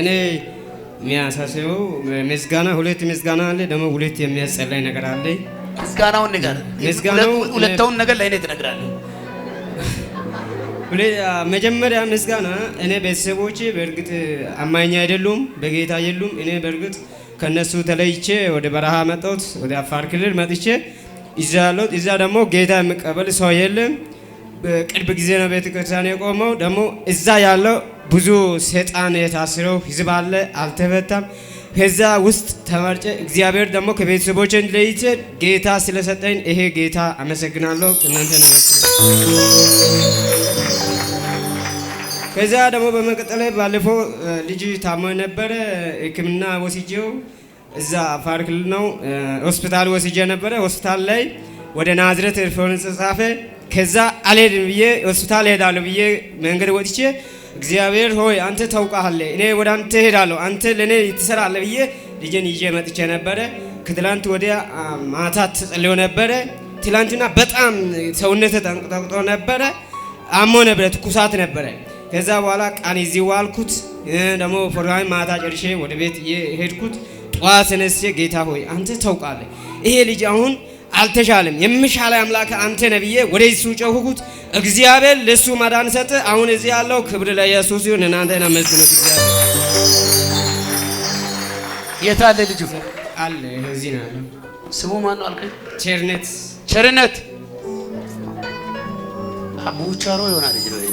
እኔ የሚያሳስበው ምስጋና ሁለት ምስጋና አለ፣ ደግሞ ሁለት የሚያስጸላይ ነገር አለ። ምስጋናውን ንገር። ሁለተውን ነገር ለእኔ ትነግራለህ። መጀመሪያ ምስጋና እኔ ቤተሰቦቼ በእርግጥ አማኝ አይደሉም፣ በጌታ የሉም። እኔ በእርግጥ ከነሱ ተለይቼ ወደ በረሃ መጣሁት፣ ወደ አፋር ክልል መጥቼ እዛ ያለሁት። እዛ ደግሞ ጌታ የምቀበል ሰው የለም። ቅርብ ጊዜ ነው ቤተክርስቲያን የቆመው። ደግሞ እዛ ያለው ብዙ ሰይጣን የታስረው ህዝብ አለ፣ አልተፈታም። ከዛ ውስጥ ተመርጨ እግዚአብሔር ደግሞ ከቤተሰቦችን ለይቼ ጌታ ስለሰጠኝ ይሄ ጌታ አመሰግናለሁ። እናንተ ከዛ ደግሞ በመቀጠል ባለፈው ልጅ ታሞ ነበረ፣ ሕክምና ወስጄው እዛ አፋር ክልል ነው ሆስፒታል ወስጄ ነበረ። ሆስፒታል ላይ ወደ ናዝሬት ሪፈረንስ ጻፈ ከዛ አልሄድም ብዬ ሆስፒታል ሄዳለሁ ብዬ መንገድ ወጥቼ እግዚአብሔር ሆይ አንተ ታውቃለህ፣ እኔ ወደ አንተ ሄዳለሁ፣ አንተ ለእኔ ትሰራለህ ብዬ ልጄን ይዤ መጥቼ ነበረ። ከትላንት ወዲያ ማታ ተጸልዮ ነበረ። ትላንትና በጣም ሰውነት ተንቀጠቅጦ ነበረ፣ አሞ ነበረ፣ ትኩሳት ነበረ። ከዛ በኋላ ቃን እዚህ ዋልኩት። ደግሞ ፕሮግራም ማታ ጨርሼ ወደ ቤት ሄድኩት። ጠዋት ተነስቼ ጌታ ሆይ አንተ ታውቃለህ፣ ይሄ ልጅ አሁን አልተሻለም። የምሻላ አምላክ አንተ ነብዬ ወደ ኢየሱስ ጮሁኩት፣ እግዚአብሔር ለሱ ማዳን ሰጠ። አሁን እዚህ ያለው ክብር ለኢየሱስ ይሁን። እናንተን አመስግኑት። እግዚአብሔር የት አለ ልጁ? አለ እዚህ ነው ያለው። ስሙ ማን ነው አልከኝ? ቸርነት ቸርነት አቡቻሮ ይሆናል ልጅ ነው ይሄ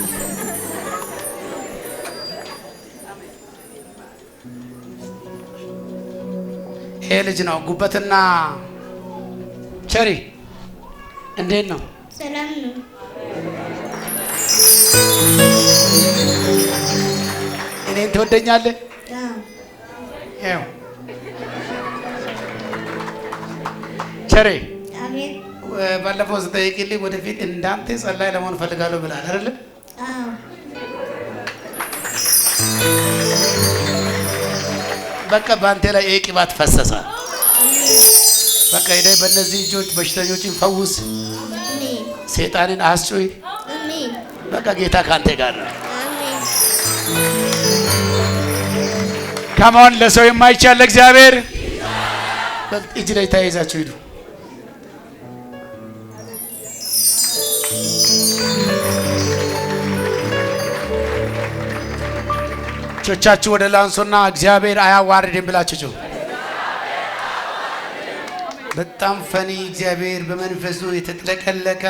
ልጅ ነው ጉበትና ቸሪ እንዴት ነው? ሰላም ነው። እኔን ትወደኛለህ? ያው ቸሪ ባለፈው ስጠይቅልኝ ወደፊት እንዳንተ ጸላይ ለመሆን እፈልጋለሁ ብላል አይደለ? በቃ በአንተ ላይ ይህ ቅባት ፈሰሰ። በቃ ሄደህ በእነዚህ እጆች በሽተኞችን ፈውስ፣ ሴጣንን አስጩይ። በቃ ጌታ ካንተ ጋር ነው። ከማን ለሰው የማይቻል ለእግዚአብሔር። እጅ ላይ ተያይዛችሁ ሂዱ። እጆቻችሁ ወደ ላንሶና እግዚአብሔር አያዋርድም ብላችሁ በጣም ፈኒ እግዚአብሔር በመንፈሱ የተጥለቀለቀ